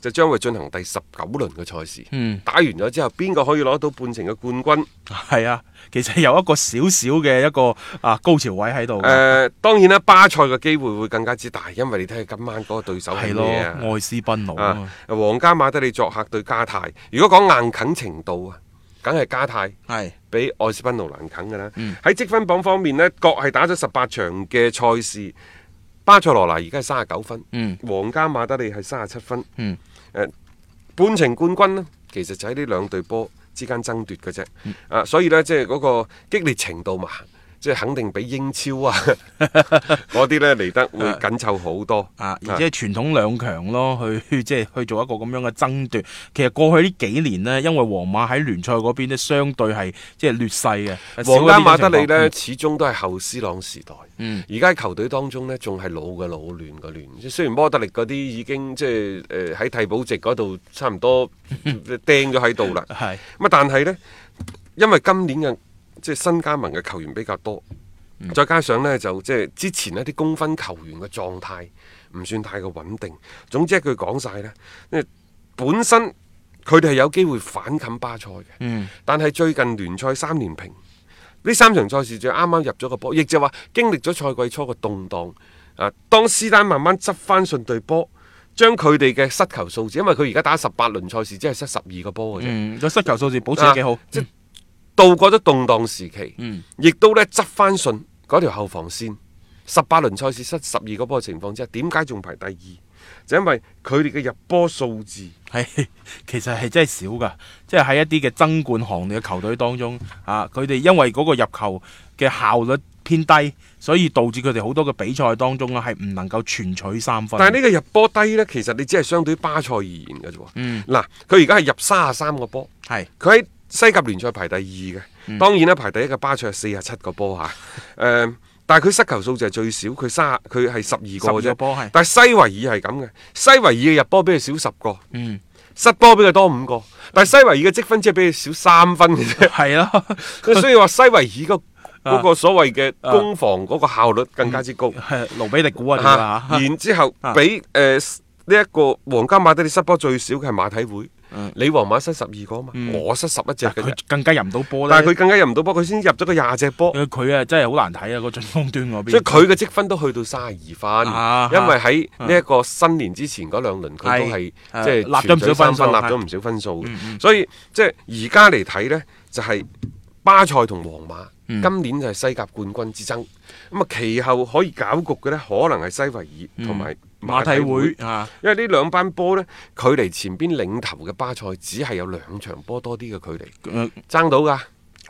就將會進行第十九輪嘅賽事。嗯，打完咗之後，邊個可以攞到半程嘅冠軍？係啊，其實有一個小小嘅一個啊高潮位喺度嘅。誒、呃，當然啦，巴塞嘅機會會更加之大，因為你睇下今晚嗰個對手係咩嘢愛斯賓奴、啊、皇家馬德里作客對加泰。如果講硬啃程度啊，梗係加泰係是比愛斯賓奴難啃㗎啦。喺、嗯、積分榜方面呢，各係打咗十八場嘅賽事，巴塞羅那而家係三十九分。嗯，皇家馬德里係三十七分。嗯。誒半程冠軍咧，其實就喺呢兩隊波之間爭奪嘅啫。嗯、啊，所以呢，即係嗰個激烈程度嘛。即係肯定比英超啊，嗰啲咧嚟得會緊湊好多 啊，啊！而且傳統兩強咯，去即係去做一個咁樣嘅爭奪。其實過去呢幾年呢，因為皇馬喺聯賽嗰邊呢，相對係即係劣勢嘅。皇家馬德里呢，始終都係後 C 朗時代，而家球隊當中呢，仲係老嘅老，嫩嘅嫩。雖然摩德力嗰啲已經即係誒喺替補席嗰度差唔多掟咗喺度啦，係咁啊！ 是但係呢，因為今年嘅。即係新加盟嘅球員比較多，再加上呢，就即係之前一啲公分球員嘅狀態唔算太過穩定。總之，一句講晒呢，本身佢哋係有機會反冚巴塞嘅。但係最近聯賽三連平，呢三場賽事剛剛就啱啱入咗個波，亦就話經歷咗賽季初嘅動盪。啊，當施丹慢慢執翻順隊波，將佢哋嘅失球數字，因為佢而家打十八輪賽事，只係失十二個波嘅啫。失球數字保持得幾好。啊渡過咗動盪時期，亦、嗯、都咧執翻順嗰條後防線。十八輪賽事失十二個波嘅情況之下，點解仲排第二？就是、因為佢哋嘅入波數字係其實係真係少㗎，即係喺一啲嘅爭冠行列嘅球隊當中啊，佢哋因為嗰個入球嘅效率偏低，所以導致佢哋好多嘅比賽當中啊係唔能夠全取三分。但係呢個入波低呢，其實你只係相對於巴塞而言嘅啫。嗱、嗯，佢而家係入三十三個波，係佢喺，西甲聯賽排第二嘅，當然啦，排第一嘅巴塞係四十七個波吓，誒、呃，但係佢失球數就係最少，佢卅，佢係十二個啫波但係西維爾係咁嘅，西維爾嘅入波比佢少十個，嗯，失波比佢多五個，但係西維爾嘅積分只係比佢少三分嘅啫，係佢的 所以話西維爾個所謂嘅攻防嗰個效率更加之高，盧、嗯、比迪估啊，然後之後比誒呢一個皇家馬德里失波最少嘅係馬體會。你皇馬失十二個嘛，我失十一隻，佢更加入唔到波。但係佢更加入唔到波，佢先入咗個廿隻波。佢啊真係好難睇啊，個進攻端嗰邊。所以佢嘅積分都去到卅二分，因為喺呢一個新年之前嗰兩輪佢都係即係立咗唔少分，立咗唔少分數，所以即係而家嚟睇呢，就係巴塞同皇馬今年就係西甲冠軍之爭，咁啊其後可以攪局嘅呢，可能係西維爾同埋，馬體會，因為呢兩班波呢，距離前邊領頭嘅巴塞只係有兩場波多啲嘅距離，嗯、爭到㗎。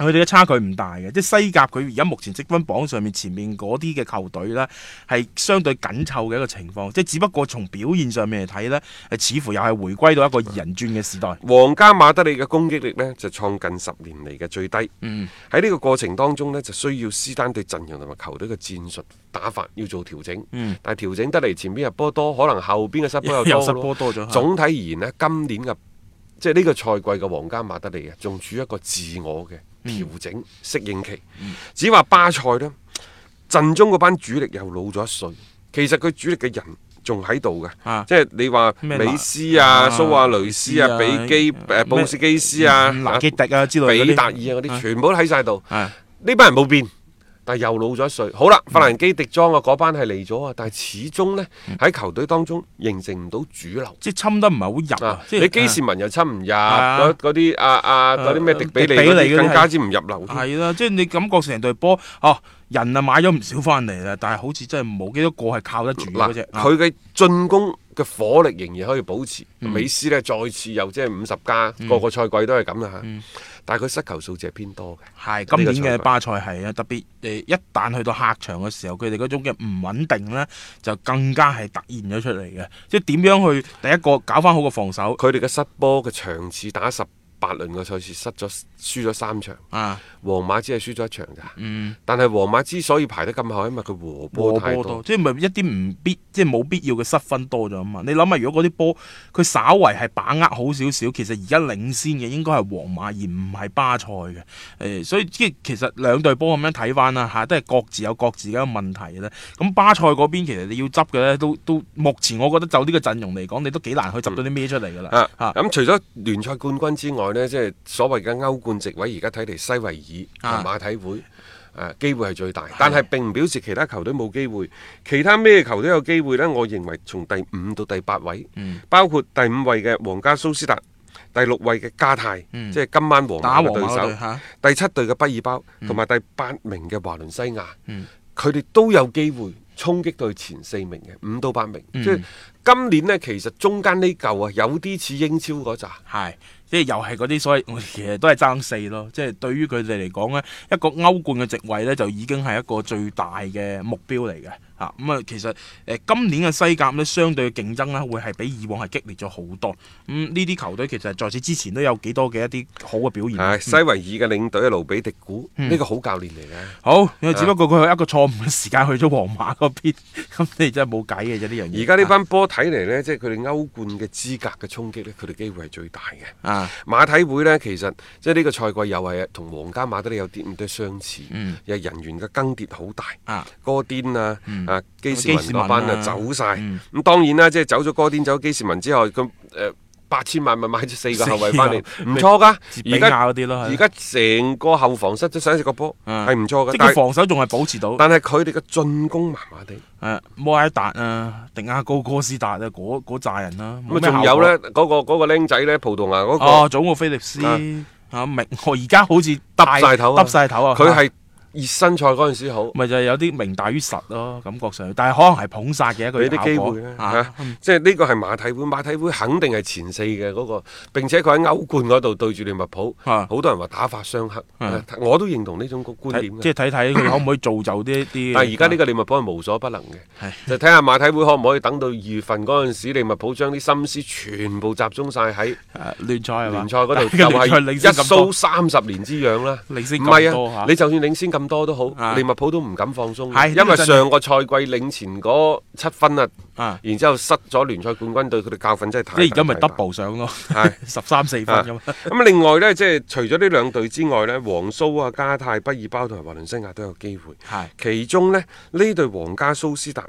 佢哋嘅差距唔大嘅，即係西甲佢而家目前積分榜上面前面嗰啲嘅球隊呢，係相對緊湊嘅一個情況。即係只不過從表現上面嚟睇呢，似乎又係回歸到一個二人轉嘅時代。皇家馬德里嘅攻擊力呢，就創近十年嚟嘅最低。喺呢、嗯、個過程當中呢，就需要斯丹對陣容同埋球隊嘅戰術打法要做調整。嗯、但係調整得嚟前邊入波多，可能後邊嘅失波又失波多咗。嗯、總體而言呢，今年嘅即係呢個賽季嘅皇家馬德里啊，仲處於一個自我嘅。調、嗯、整適應期，只話巴塞咧陣中嗰班主力又老咗一歲，其實佢主力嘅人仲喺度嘅，啊、即係你話美斯啊、蘇亞、啊啊、雷斯啊、比基誒、啊、布斯基斯啊、納基迪啊之類嗰啲比達爾啊嗰啲，啊、全部都喺晒度，呢、啊、班人冇變。但又老咗一歲。好啦，法蘭、嗯、基迪莊啊，嗰班係嚟咗啊，但係始終咧喺球隊當中形成唔到主流。即係侵得唔係好入啊！啊即你基士文又侵唔入，嗰啲阿阿啲咩迪比利，迪比利更加之唔入流。係啦，即係你感覺成隊波哦，人啊買咗唔少翻嚟啦，但係好似真係冇幾多個係靠得住。佢嘅進攻、啊。啊嘅火力仍然可以保持，嗯、美斯呢再次又即係五十加，嗯、個個賽季都係咁啦嚇。嗯、但係佢失球數字係偏多嘅。係的今年嘅巴塞係啊，特別誒，一旦去到客場嘅時候，佢哋嗰種嘅唔穩定呢，就更加係突現咗出嚟嘅。即係點樣去第一個搞翻好個防守，佢哋嘅失波嘅場次打十。八輪嘅賽事失咗輸咗三場，啊，皇馬只係輸咗一場咋，嗯，但係皇馬之所以排得咁後，因為佢和，和波太多，多，即係咪一啲唔必即係冇必要嘅失分多咗啊嘛？你諗下，如果嗰啲波佢稍為係把握好少少，其實而家領先嘅應該係皇馬而唔係巴塞嘅，誒、欸，所以即係其實兩隊波咁樣睇翻啦吓，都係各自有各自嘅問題啦。咁巴塞嗰邊其實你要執嘅咧，都到目前我覺得就呢個陣容嚟講，你都幾難去執到啲咩出嚟噶啦，啊，咁除咗聯賽冠軍之外。咧即係所謂嘅歐冠席位，而家睇嚟西維爾同馬體會，誒、啊啊、機會係最大。但係並唔表示其他球隊冇機會。的其他咩球隊都有機會呢？我認為從第五到第八位，嗯、包括第五位嘅皇家蘇斯特，第六位嘅加泰，嗯、即係今晚皇馬嘅對手，第七隊嘅畢爾包，同埋、嗯、第八名嘅華倫西亞，佢哋、嗯、都有機會衝擊到去前四名嘅五到八名。嗯嗯今年呢，其實中間呢嚿啊，有啲似英超嗰扎，係即係又係嗰啲，所以其實都係爭四咯。即係對於佢哋嚟講呢，一個歐冠嘅席位呢，就已經係一個最大嘅目標嚟嘅嚇。咁啊，其實誒、呃、今年嘅西甲呢，相對競爭呢，會係比以往係激烈咗好多。咁呢啲球隊其實在此之前都有幾多嘅一啲好嘅表現。係西維爾嘅領隊盧比迪古呢、嗯、個好教練嚟嘅，好。啊、只不過佢有一個錯誤嘅時間去咗皇馬嗰邊，咁 你真係冇計嘅啫呢樣嘢。而家呢班波。睇嚟呢，即係佢哋歐冠嘅資格嘅衝擊呢，佢哋機會係最大嘅。啊，馬體會呢，其實即係呢個賽季又係同皇家馬德里有啲咁多相似，又、嗯、人員嘅更迭好大。啊，哥癲啊，嗯、啊基士文班啊走晒。咁當然啦，即係走咗哥癲走咗基士文之後，咁誒。呃八千萬咪買咗四個後衞翻嚟，唔錯噶。而家啲咯，而家成個後防室都想食個波，係唔錯噶。但係防守仲係保持到。但係佢哋嘅進攻麻麻地。誒，摩埃達啊，迪亞高哥斯達啊，嗰嗰扎人啦。咁啊，仲有咧，嗰個嗰個僆仔咧，葡萄牙嗰個。哦，祖奧菲力斯啊，明我而家好似耷晒頭，耷晒頭啊，佢係。熱身賽嗰陣時好，咪就係有啲名大於實咯，感覺上。但係可能係捧殺嘅一個一啲機會咧嚇，即係呢個係馬體會，馬體會肯定係前四嘅嗰個。並且佢喺歐冠嗰度對住利物浦，好多人話打法相剋，我都認同呢種觀點。即係睇睇佢可唔可以造就呢啲。但係而家呢個利物浦係無所不能嘅，就睇下馬體會可唔可以等到二月份嗰陣時，利物浦將啲心思全部集中晒喺聯賽係嘛？聯賽嗰度又係一掃三十年之癢啦，領先咁你就算領先咁多都好，啊、利物浦都唔敢放鬆，啊、因為上個賽季領前嗰七分啊，啊然之後失咗聯賽冠軍，對佢哋教訓真係太你而家咪 double 上咯，係、啊、十三四分咁。另外呢，即、就、係、是、除咗呢兩隊之外呢，皇蘇啊、加泰、畢爾包同埋華倫西亞都有機會。係、啊，其中呢，呢隊皇家蘇斯達。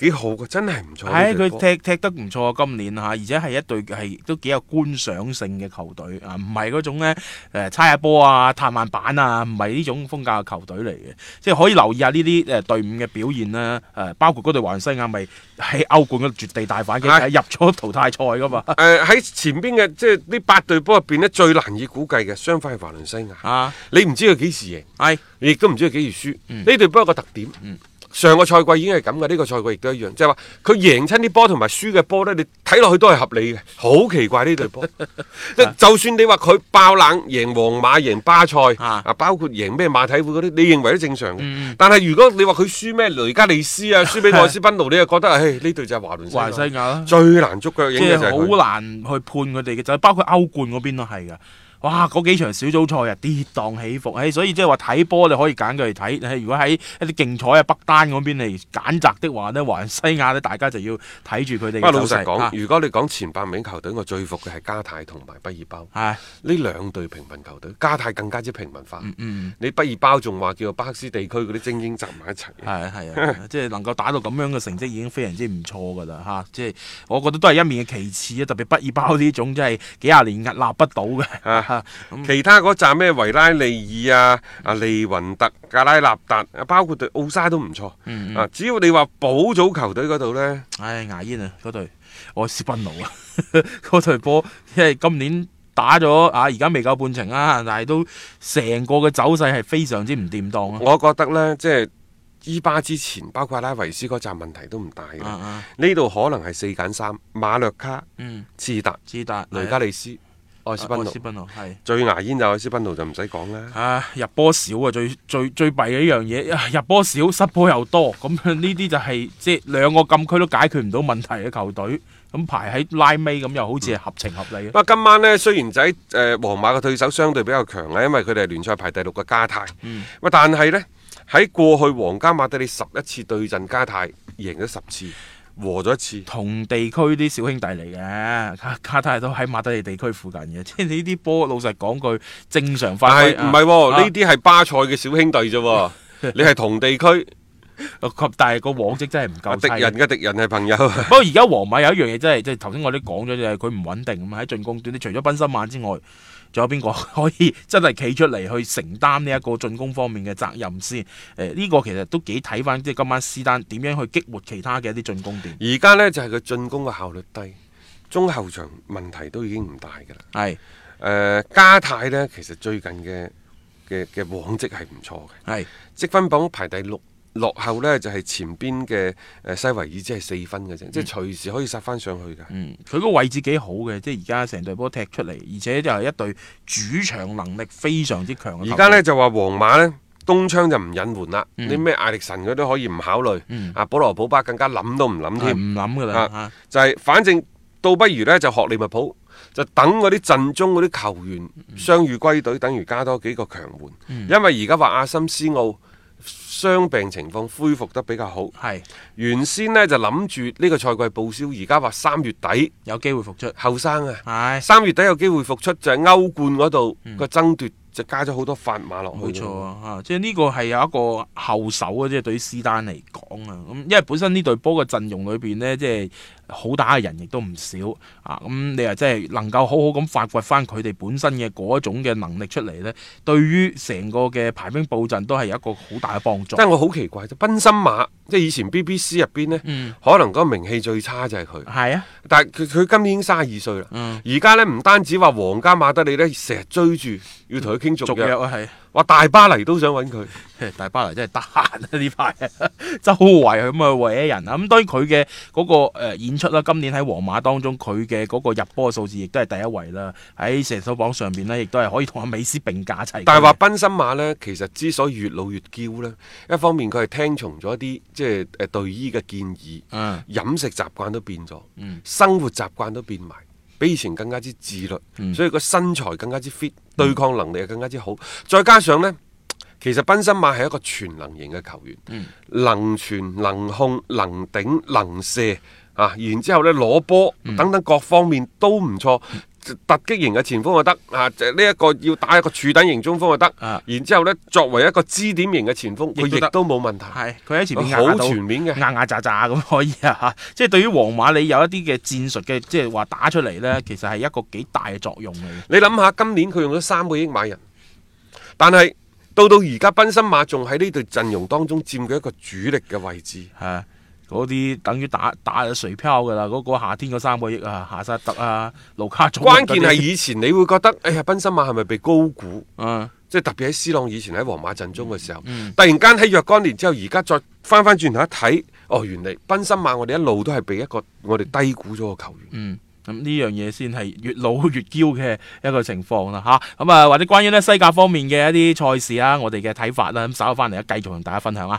幾好噶，真係唔錯。係佢、啊、對踢，踢得唔錯今年吓、啊，而且係一隊係都幾有觀賞性嘅球隊啊，唔係嗰種咧誒，差下波啊，探慢板啊，唔係呢種風格嘅球隊嚟嘅。即係可以留意下呢啲誒隊伍嘅表現啦、啊。誒、呃，包括嗰隊華倫西亞咪喺歐冠嘅絕地大反擊、啊、入咗淘汰賽噶嘛？誒、呃，喺前邊嘅即係呢八隊波入邊咧，就是、面最難以估計嘅雙飛係華倫西亞。啊，你唔知佢幾時贏，係你亦都唔知佢幾時輸。呢隊波有個特點，嗯。上個賽季已經係咁嘅，呢個賽季亦都一樣，即係話佢贏親啲波同埋輸嘅波呢，你睇落去都係合理嘅，好奇怪呢隊波。即 就算你話佢爆冷贏皇馬、贏巴塞啊，包括贏咩馬體會嗰啲，你認為都正常。嗯、但係如果你話佢輸咩雷加利斯啊，輸俾愛斯賓奴， 你又覺得唉，呢、哎、隊就係華倫華西亞最難捉腳影，即係好難去判佢哋嘅，就係包括歐冠嗰邊咯，係噶。哇！嗰幾場小組賽啊，跌宕起伏，所以即係話睇波你可以揀佢嚟睇。如果喺一啲競彩啊、北單嗰邊嚟揀擇的話咧，環西亞咧，大家就要睇住佢哋嘅走勢。不過老實講，如果你講前八名球隊，我最服嘅係加泰同埋畢爾包。呢兩隊平民球隊，加泰更加之平民化。你畢爾包仲話叫做巴克斯地區嗰啲精英集埋一齊。即係能夠打到咁樣嘅成績已經非常之唔錯㗎啦嚇！即係我覺得都係一面嘅旗幟啊，特別畢爾包呢種真係幾廿年屹立不倒嘅。其他嗰站咩維拉利爾啊、阿利雲特、加拉納達，包括對奧沙都唔錯。啊，嗯嗯、只要你話保組球隊嗰度呢，唉、哎、牙煙啊，嗰隊愛斯賓奴啊，嗰隊波因為今年打咗啊，而家未夠半程啊，但係都成個嘅走勢係非常之唔掂當啊。我覺得呢，即係伊巴之前，包括拉維斯嗰站問題都唔大嘅。呢度、啊啊、可能係四揀三，3, 馬略卡、嗯、智達達、智達、雷加利斯。嗯。愛斯賓奴係最牙煙，就愛斯賓奴就唔使講啦。啊，入波少啊，最最最弊嘅一樣嘢，入波少，失波又多，咁呢啲就係即係兩個禁區都解決唔到問題嘅球隊，咁排喺拉尾咁，又好似係合情合理。不過，嗯、今晚呢，雖然喺誒皇馬嘅對手相對比較強啊，因為佢哋係聯賽排第六個加泰。嗯。但係呢，喺過去皇家馬德里十一次對陣加泰，贏咗十次。和咗一次，同地區啲小兄弟嚟嘅，卡卡塔都喺馬德里地區附近嘅，即係呢啲波。老實講句，正常犯規。但係唔係，呢啲係巴塞嘅小兄弟啫。 你係同地區，但係個往績真係唔夠。敵人嘅敵人係朋友。 不過而家皇馬有一樣嘢真係，即係頭先我哋講咗就係佢唔穩定咁喺進攻端，你除咗賓施馬之外。仲有邊個可以真係企出嚟去承擔呢一個進攻方面嘅責任先？誒、呃，呢、呢個其實都幾睇翻即係今晚斯丹點樣去激活其他嘅一啲進攻點。而家呢就係佢進攻嘅效率低，中後場問題都已經唔大噶啦。係誒是、呃，加泰呢，其實最近嘅嘅嘅往績係唔錯嘅。係積是分榜排第六。落後呢，就係、是、前邊嘅誒西維爾只係四分嘅啫，嗯、即係隨時可以殺翻上去嘅。佢個、嗯、位置幾好嘅，即係而家成隊波踢出嚟，而且就係一隊主場能力非常之強。而家呢，就話皇馬呢，冬窗就唔引援啦，啲咩、嗯、艾力神佢都可以唔考慮。嗯，啊，保羅普巴更加諗都唔諗添，唔諗噶啦，啊啊、就係反正倒不如呢，就學利物浦，就等嗰啲陣中嗰啲球員傷愈歸隊，等於加多幾個強援。嗯、因為而家話阿森斯奧。傷病情況恢復得比較好，係是原先呢就諗住呢個賽季報銷，而家話三月底有機會復出，後生啊，係三月底有機會復出就係歐冠嗰度個爭奪。嗯就加咗好多法馬落去，冇錯啊！即係呢個係有一個後手啊！即係對於斯丹嚟講啊，咁、嗯、因為本身呢隊波嘅陣容裏邊呢，即係好打嘅人亦都唔少啊！咁、嗯、你又即係能夠好好咁發掘翻佢哋本身嘅嗰一種嘅能力出嚟呢，對於成個嘅排兵布陣都係有一個好大嘅幫助。即係我好奇怪就賓森馬即係以前 BBC 入邊呢，嗯、可能嗰個名氣最差就係佢。係啊。但係佢佢今年已經三十二歲啦，而家咧唔單止話皇家馬德里咧，成日追住要同佢傾續約啊，係。話大巴黎都想揾佢， 大巴黎真係得閒啊！呢排周圍咁啊搲人啊！咁對於佢嘅嗰個演出啦，今年喺皇馬當中佢嘅嗰個入波嘅數字亦都係第一位啦，喺射手榜上面呢，亦都係可以同阿美斯並駕齊。但係話賓辛馬呢，其實之所以越老越嬌呢，一方面佢係聽從咗一啲即係誒隊醫嘅建議，嗯、飲食習慣都變咗，嗯、生活習慣都變埋。比以前更加之自律，嗯、所以個身材更加之 fit，嗯、對抗能力更加之好。再加上呢，其實賓森馬係一個全能型嘅球員，嗯、能傳、能控、能頂、能射啊！然之後呢，攞波等等各方面都唔錯。嗯嗯突擊型嘅前鋒又得，啊，呢一個要打一個柱躉型中鋒又得，然之後咧，作為一個支點型嘅前鋒，佢亦都冇問題。係，佢喺前面好全面嘅，壓壓扎扎咁可以啊，即係對於皇馬，你有一啲嘅戰術嘅，即係話打出嚟呢，其實係一個幾大嘅作用。你諗下，今年佢用咗三個億買人，但係到到而家，賓森馬仲喺呢隊陣容當中佔據一個主力嘅位置。係。嗰啲等於打打水漂噶啦，嗰、嗰個夏天嗰三個億啊，夏薩特啊，盧卡。關鍵係以前你會覺得，哎呀，賓斯馬係咪被高估？嗯、啊，即係特別喺 C 朗以前喺皇馬陣中嘅時候，嗯嗯、突然間喺若干年之後，而家再翻翻轉頭一睇，哦，原嚟賓斯馬我哋一路都係被一個我哋低估咗嘅球員。嗯，咁呢樣嘢先係越老越嬌嘅一個情況啦，吓咁啊、嗯，或者關於呢西甲方面嘅一啲賽事啊，我哋嘅睇法啦，咁稍後翻嚟啊，繼續同大家分享啊。